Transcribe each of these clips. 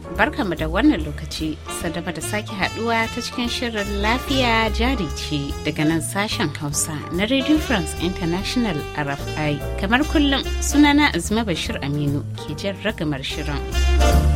barka barkamu da wannan lokaci sadaba da sake haduwa ta cikin shirin lafiya jari ce daga nan sashen hausa na radio france international rfi kamar kullum sunana azuma bashir aminu ke jan ragamar shirin.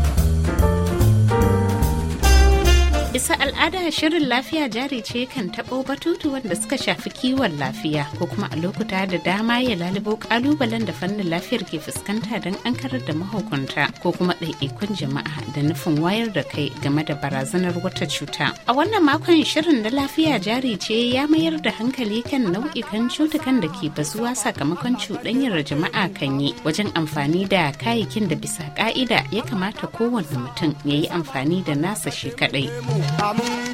bisa al'ada shirin lafiya jari ce kan taɓo batutu wanda suka shafi kiwon lafiya ko kuma a lokuta da dama ya lalubo kalubalen da fannin lafiyar ke fuskanta don an karar da mahukunta ko kuma ɗaiɗaikun jama'a da nufin wayar da kai game da barazanar wata cuta. A wannan makon shirin na lafiya jari ce ya mayar da hankali kan nau'ikan cutukan da ke bazuwa sakamakon cuɗanyar jama'a kan yi wajen amfani da kayayyakin da bisa ka'ida ya kamata kowane mutum ya yi amfani da nasa shi kaɗai. amor.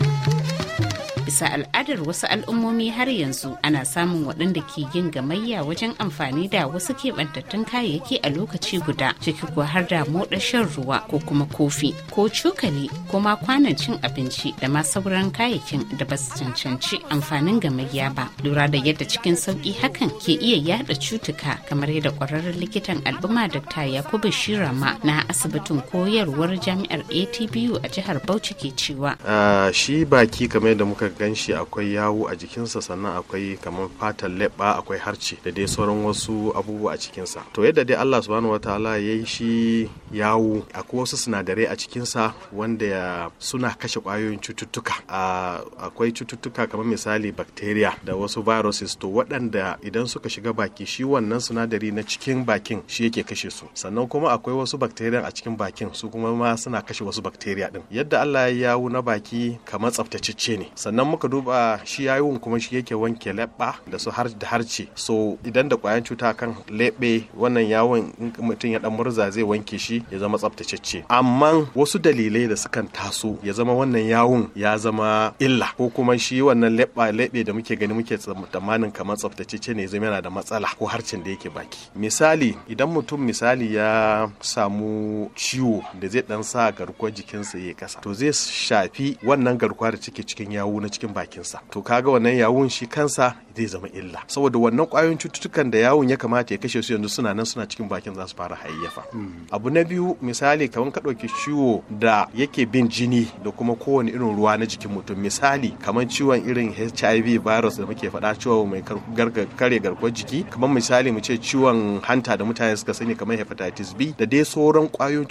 bisa al'adar wasu al'ummomi har yanzu ana samun waɗanda ke yin gamayya wajen amfani da wasu keɓantattun kayayyaki a lokaci guda ciki ko har da moɗa shan ruwa ko kuma kofi ko cokali ko ma kwanan cin abinci da ma sauran kayayyakin da ba su cancanci amfanin gamayya ba lura da yadda cikin sauki hakan ke iya yaɗa cutuka kamar yadda ƙwararren likitan al'umma da dr yakubu shirama na asibitin koyarwar jami'ar atbu a jihar bauchi ke cewa ah, shi baki kamar yadda muka ganshi akwai yawu a jikinsa sannan akwai kamar fatan leɓa akwai harci da dai sauran wasu abubuwa a cikinsa to yadda dai Allah subhanahu wataala ya yi shi yawu akwai wasu sinadarai a cikinsa wanda suna kashe kwayoyin cututtuka akwai cututtuka kamar misali bacteria da wasu viruses to waɗanda idan suka shiga baki shi wannan sinadari na cikin bakin shi yake kashe su sannan kuma akwai wasu bacteria a cikin bakin su kuma ma suna kashe wasu bacteria din yadda Allah ya yawu na baki kamar ce ne sannan idan muka duba shi yawon kuma shi yake wanke leɓɓa da su har da harce so idan da kwayan cuta kan leɓe wannan yawon mutum ya ɗan murza zai wanke shi ya zama tsaftacecce amma wasu dalilai da sukan taso ya zama wannan yawon ya zama illa ko kuma shi wannan leɓɓa leɓe da muke gani muke tsammanin kamar tsaftacecce ne zama yana da matsala ko harcin da yake baki misali idan mutum misali ya samu ciwo da zai ɗan sa garkuwar jikinsa ya kasa to zai shafi wannan garkuwa da cike cikin yawo na cikin bakinsa to kaga wannan yawun shi kansa zai zama illa saboda wannan kwayoyin cututtukan da yawun ya kamata ya kashe su yanzu suna nan suna cikin bakin za su fara hayyafa hmm. abu na biyu misali kamar ka ɗauki ciwo da yake bin jini da kuma kowane irin ruwa na jikin mutum misali kamar ciwon irin hiv virus da muke faɗa ciwo mai kare garkuwar jiki kamar misali mu ce ciwon hanta da mutane suka sani kamar hepatitis b da dai sauran kwayoyin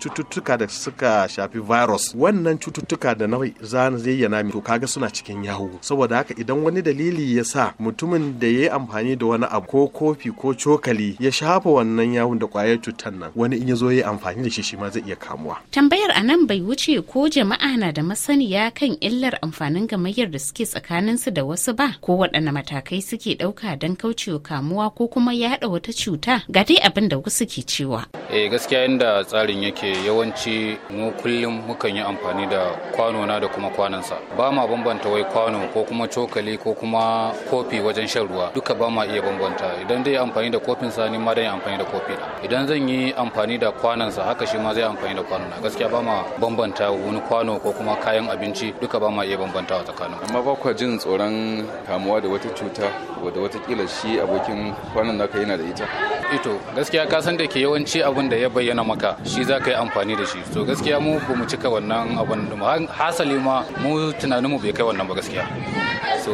cututtuka da suka shafi virus wannan cututtuka da na zai zayyana to kaga suna yana cikin yawo saboda haka idan wani dalili ya sa mutumin da ya yi amfani da wani abu ko kofi ko cokali ya shafa wannan yawon da kwayar cutar nan wani in ya zo ya yi amfani da shi shi ma zai iya kamuwa tambayar a nan bai wuce ko jama'a na da masaniya kan illar amfanin gamayyar da suke tsakanin su da wasu ba ko waɗanne matakai suke ɗauka don kaucewa kamuwa ko kuma yaɗa wata cuta ga dai abin da wasu ke cewa eh gaskiya inda tsarin yake yawanci mu kullum mukan yi amfani da kwano na da kuma kwanansa ba ma bambanta bambanta wai kwano ko kuma cokali ko kuma kofi wajen shan ruwa duka ba ma iya bambanta idan zai amfani da kofin sa ni ma dan amfani da kofi na idan zan yi amfani da kwanan sa haka shi ma zai amfani da kwanon na gaskiya ba ma bambanta wani kwano ko kuma kayan abinci duka ba ma iya a tsakanin amma ba kwa jin tsoron kamuwa da wata cuta wadda watakila shi abokin kwanan naka yana da ita ito gaskiya ka san da ke yawanci abin da ya bayyana maka shi za ka yi amfani da shi to gaskiya mu ba mu cika wannan abin hasali ma mu tunanin mu bai kai wannan ba gaskiya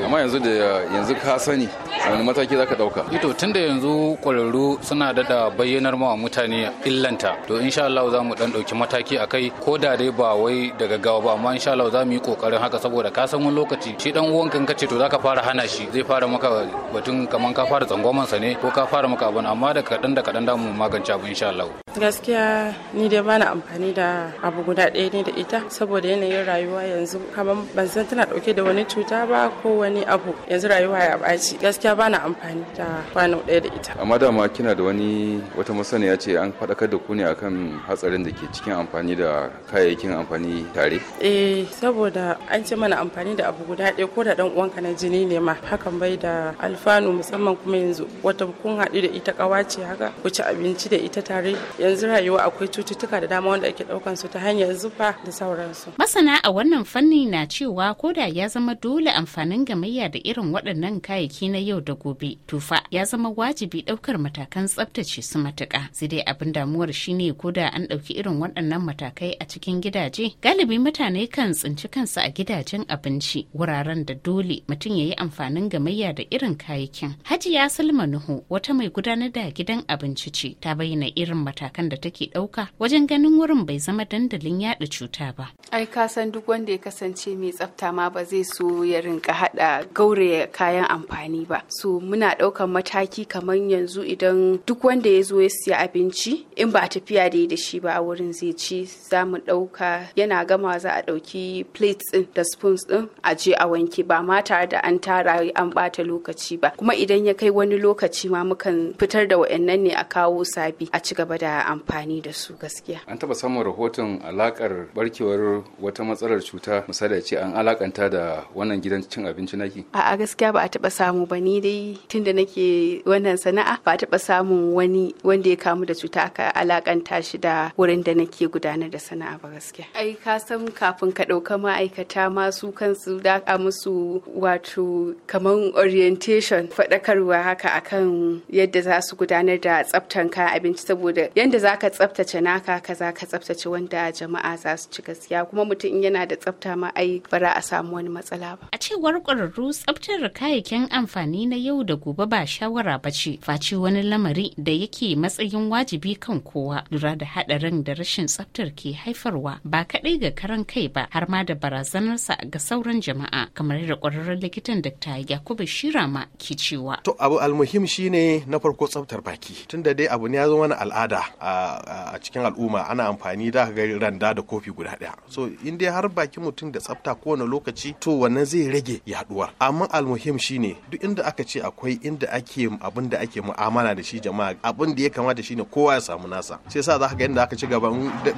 amma yanzu da yanzu ka sani wani mataki zaka dauka ito eh tunda yanzu kwararru suna dada bayyanar ma mutane illanta to insha Allah za mu dan dauki mataki akai ko da dai ba wai daga gawa ba amma insha Allah za mu yi kokarin haka saboda ka san wani lokaci shi dan uwan kan kace to zaka fara hana shi zai fara maka batun kaman ka fara tsangwaman sa ne ko ka fara maka abin amma da kadan da kadan da mu magance abu insha Allah gaskiya ni dai bana amfani da abu guda ɗaya ne da ita saboda yanayin rayuwa yanzu kamar ban san tana ɗauke da wani cuta ba ko wani abu yanzu rayuwa ya ɓaci gaskiya bana amfani da kwano ɗaya da ita amma dama kina da wani wata masaniya ce an faɗakar da ku ne akan hatsarin da ke cikin amfani da kayayyakin amfani tare eh saboda an ce mana amfani da abu guda ɗaya ko da ɗan uwanka na jini ne ma hakan bai da alfanu musamman kuma yanzu wata kun haɗu da ita ce haka ku ci abinci da ita tare yanzu rayuwa akwai cututtuka da dama wanda ake daukan su ta hanyar zufa da sauransu masana a wannan fanni na cewa koda ya zama dole amfanin gamayya da irin waɗannan kayayyaki na yau da gobe tufa ya zama wajibi ɗaukar matakan tsaftace su matuka sai dai abin damuwar shine koda an ɗauki irin waɗannan matakai a cikin gidaje galibi mutane kan tsinci kansu a gidajen abinci wuraren da dole mutum ya yi amfanin gamayya da irin kayayyakin hajiya salma nuhu wata mai gudanar da gidan abinci ce ta bayyana irin matakan matakan da take ɗauka wajen ganin wurin bai zama dandalin yaɗa cuta ba. Ai ka san duk wanda ya kasance mai tsafta ma ba zai so ya rinka haɗa gauraya kayan amfani ba. So muna ɗaukan mataki kamar yanzu idan duk wanda ya zo ya siya abinci in ba a tafiya da da shi ba a wurin zai ci za mu ɗauka yana gama za a ɗauki plates ɗin da spoons ɗin a je a wanke ba ma tare da an tara an ɓata lokaci ba. Kuma idan ya kai wani lokaci ma mukan fitar da wa'annan ne a kawo sabi a ci gaba da amfani da su gaskiya an taba samun rahoton alakar barkewar wata matsalar cuta misali ce an alakanta da wannan gidan cin abinci naki a'a gaskiya ba a taba samu ba ni dai tunda nake wannan sana'a ba a taba samun wani wanda ya kamu da cuta aka alakanta shi da wurin da nake gudanar da sana'a ba gaskiya ai ka san kafin ka ɗauka ma'aikata ma su kansu da a musu wato kamar orientation faɗakarwa haka akan yadda za su gudanar da tsaftan kayan abinci saboda yadda wanda za ka tsaftace naka ka za ka tsaftace wanda jama'a za su ci gaskiya kuma mutum in yana da tsafta ma ai bara a samu wani matsala ba. A cewar ƙwararru tsaftar kayayyakin amfani na yau da gobe ba shawara ba ce face wani lamari da yake matsayin wajibi kan kowa lura da haɗarin da rashin tsaftar ke haifarwa ba kaɗai ga karan kai ba har ma da barazanarsa ga sauran jama'a kamar da ƙwararren likitan Dr. Yakubu Shirama ke cewa. To abu almuhim shine na farko tsaftar baki tunda dai abu ne ya zo mana al'ada a cikin al'umma ana amfani da ga randa da kofi guda daya so in dai har baki mutum da tsafta kowane lokaci to wannan zai rage yaduwar amma almuhim shine duk inda aka ce akwai inda ake abin da ake mu'amala da shi jama'a abin da ya kamata shine kowa ya samu nasa sai sa za ka ga inda aka ci gaba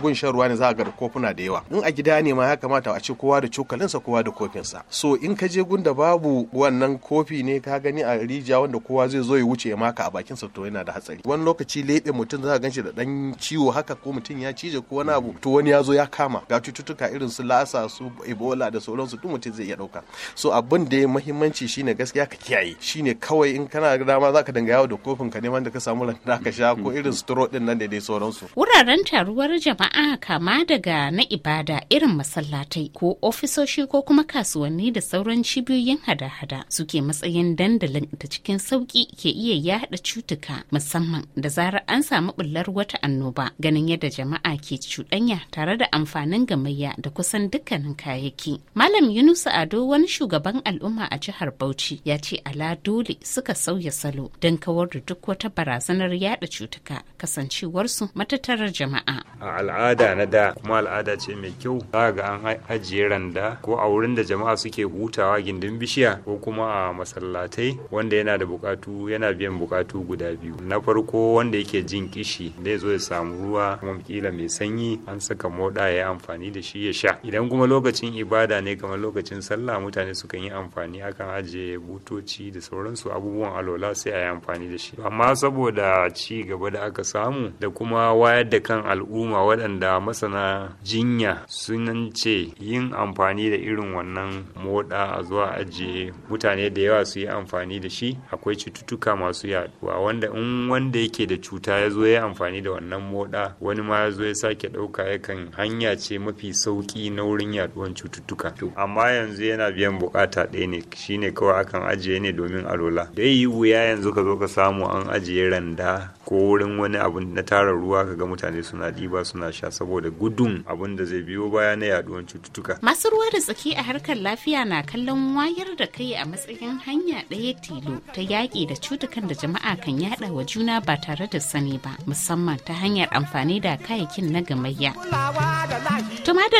gun shan ruwa ne za ga kofuna da yawa in a gida ne ma ya kamata a ce kowa da cokalinsa kowa da kofinsa so in ka je gun da babu wannan kofi ne ka gani a rijiya wanda kowa zai zo ya wuce ya maka a bakinsa to yana da hatsari wani lokaci lebe mutum za ka da dan ciwo haka ko mutum ya cije ko wani abu to wani ya zo ya kama ga cututtuka irin su lasa su ebola da sauransu duk mutum zai iya dauka so abin da ya muhimmanci shine gaskiya ka kiyaye shine kawai in kana dama zaka danga yawo da kofin ka neman da ka samu da ka sha ko irin stro din nan da dai sauransu wuraren taruwar jama'a kama daga na ibada irin masallatai ko ofisoshi ko kuma kasuwanni da sauran cibiyoyin hada-hada suke matsayin dandalin da cikin sauki ke iya yada cutuka musamman da zarar an samu bullar wata annoba ganin yadda jama'a ke cuɗanya tare da amfanin gamayya da kusan dukkanin kayayyaki. Malam Yunusa Ado wani shugaban al'umma a jihar Bauchi ya ce ala dole suka sauya salo don kawar da duk wata barazanar yada cutuka kasancewarsu matattarar jama'a. A al'ada na da kuma al'ada ce mai kyau za ga an ajiye randa ko a wurin da jama'a suke hutawa gindin bishiya ko kuma a masallatai wanda yana da bukatu yana biyan bukatu guda biyu. Na farko wanda yake jin kishi da zo ya samu ruwa kuma kila mai sanyi an saka moda ya amfani da shi ya sha idan kuma lokacin ibada ne kamar lokacin sallah mutane sukan yi amfani akan ajiye butoci da sauransu abubuwan alola sai a yi amfani da shi amma saboda ci gaba da aka samu da kuma wayar da kan al'umma waɗanda masana jinya sunan ce yin amfani da irin wannan moda a zuwa ajiye mutane da yawa su yi amfani da shi akwai cututtuka masu yaduwa wanda in wanda yake da cuta ya zo ya amfani amfani da wannan moda wani ma ya zo ya sake ɗauka yakan hanya ce mafi sauki na wurin yaduwan cututtuka amma yanzu yana biyan bukata ɗaya ne shine kawai akan ajiye ne domin alola da yi wuya yanzu ka zo ka samu an ajiye randa ko wurin wani abu na tara ruwa kaga mutane suna ɗiba suna sha saboda gudun abin da zai biyo baya na yaduwan cututtuka. Masu ruwa da tsaki a harkar lafiya na kallon wayar da kai a matsayin hanya ɗaya tilo ta yaƙi da cutukan da jama'a kan yaɗa wa juna ba tare da sani ba musamman ta hanyar amfani da kayayyakin na gamayya.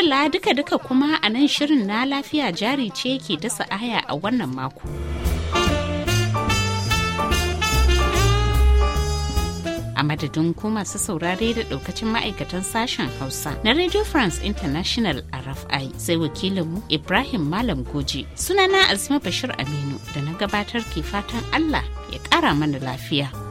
la duka-duka kuma a nan shirin na lafiya jari ce ke dasa aya a wannan mako. a madadin ku masu saurare da ɗaukacin ma'aikatan sashen hausa na radio france international rfi sai wakilinmu ibrahim malam goji sunana azima bashir aminu da na gabatar ke fatan allah ya ƙara mana lafiya.